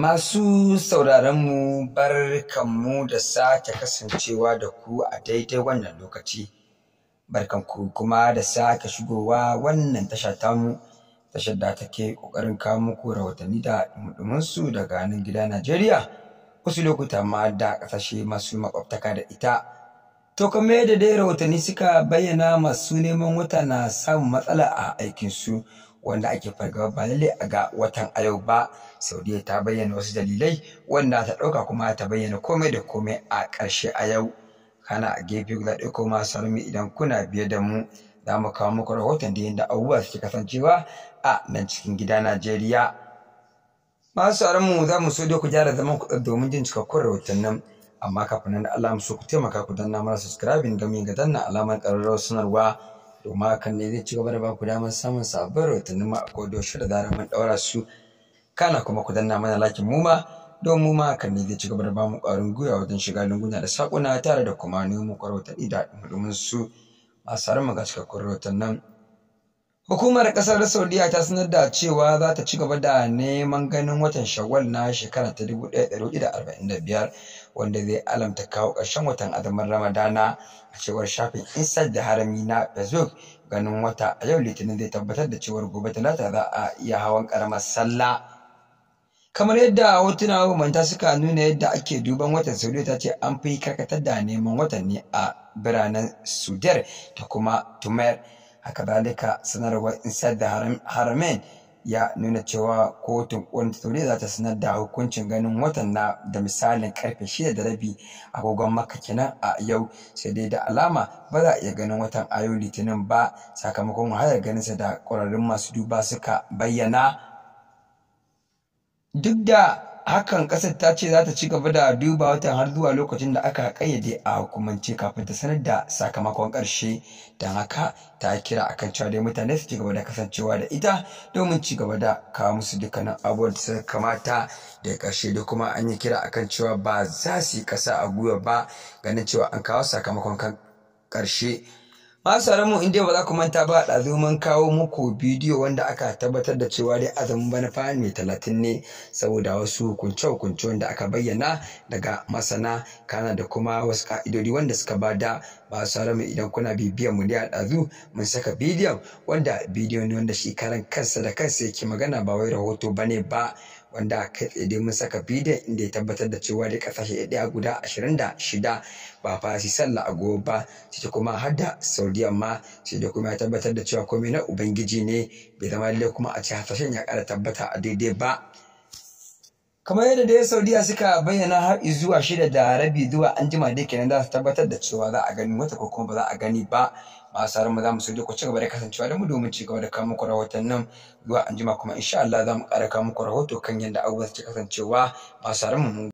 Masu sauraronmu barkanmu da sake kasancewa da ku a daidai wannan lokaci. Barkanku kuma da sake shigowa wannan tasha tamu, tashar da take ƙoƙarin kawo muku rahotanni da ɗumuɗuminsu daga nan gida Najeriya, wasu lokuta ma da ƙasashe masu maƙwabtaka da ita. To kamar yadda dai rahotanni suka bayyana masu neman wuta na samun matsala a aikinsu. wanda ake fargaba ba lalle a ga watan a ba saudiya ta bayyana wasu dalilai wanda ta ɗauka kuma ta bayyana komai da komai a ƙarshe a yau kana a gefe guda ɗaya kuma salmi idan kuna biye da mu za mu kawo muku rahoton da yadda abubuwa suke kasancewa a nan cikin gida najeriya masu tsaron mu za mu so dai ku gyara zaman ku domin jin cikakkun rahoton nan, amma kafin nan Allah mu so ku taimaka ku danna mana subscribing gami ga danna alamar ƙararrawar sanarwa domin hakan ne zai ci gaba da ba ku damar samun sabbin rahotanni ma a kodayaushe da zarar mun ɗaura su kana kuma ku danna mana lakin mu ma don mu ma hakan ne zai ci gaba da ba mu ƙwarin gwiwa wajen shiga lunguna da saƙuna tare da kuma nemo rahotanni da domin su masu harin mu nan. Hukumar ƙasar Saudiyya ta sanar da cewa za ta ci gaba da neman ganin watan Shawwal na shekara ta 1445 wanda zai alamta kawo ƙarshen watan azumin Ramadana a cewar shafin Insad da harami na Facebook ganin wata a yau Litinin zai tabbatar da cewar gobe Talata za a iya hawan ƙaramar sallah. Kamar yadda hotuna mabambanta suka nuna yadda ake duban watan Saudiya ta ce an fi karkatar da neman watanni a biranen Sudar da kuma Tumer. haka dalika sanarwar isar da haramain ya nuna cewa kotun kolin tattaunai za ta sanar da hukuncin ganin watan na da misalin karfe shida da rabi agogon maka kenan a yau sai dai da alama ba za a iya ganin watan a litinin ba sakamakon wahalar ganinsa da ƙwararrun masu duba suka bayyana duk da hakan kasar ta ce za ta ci gaba da duba watan har zuwa lokacin da aka kayyade a hukumance kafin ta sanar da sakamakon ƙarshe don haka ta kira akan cewa dai mutane su ci gaba da kasancewa da ita domin ci gaba da kawo musu dukkanin abubuwan da suka kamata da ƙarshe da kuma an yi kira akan cewa ba za su yi ƙasa a gwiwa ba ganin cewa an kawo sakamakon ƙarshe masu mu indiya ba za ku manta ba a mun kawo muku bidiyo wanda aka tabbatar da cewa dai azumin bana fa mai talatin ne saboda wasu hukunce hukunce wanda aka bayyana daga masana kana da kuma wasu ka'idodi wanda suka bada ba sauran idan kuna bibiyan mu da ɗazu mun saka bidiyon wanda bidiyon ne wanda shi karan kansa da kansa yake magana ba wai rahoto bane ba wanda kai tsaye dai mun saka bidiyon inda ya tabbatar da cewa dai kasashe ɗaya guda ashirin da shida ba fasi sallah a gobe ba sai kuma har da saudiya ma sai dai kuma ya tabbatar da cewa komai na ubangiji ne bai zama lallai kuma a ce hasashen ya ƙara tabbata a daidai ba kamar yadda dai saudiya suka bayyana har zuwa shida da rabi zuwa an jima dai kenan za su tabbatar da cewa za a gani wata ko kuma ba za a gani ba masu ran mu za mu sauke ku ci gaba da kasancewa da mu domin ci gaba da kawo muku nan zuwa an jima kuma insha Allah za mu ƙara kawo muku rahoto kan yadda abubuwa su kasancewa masu ran mu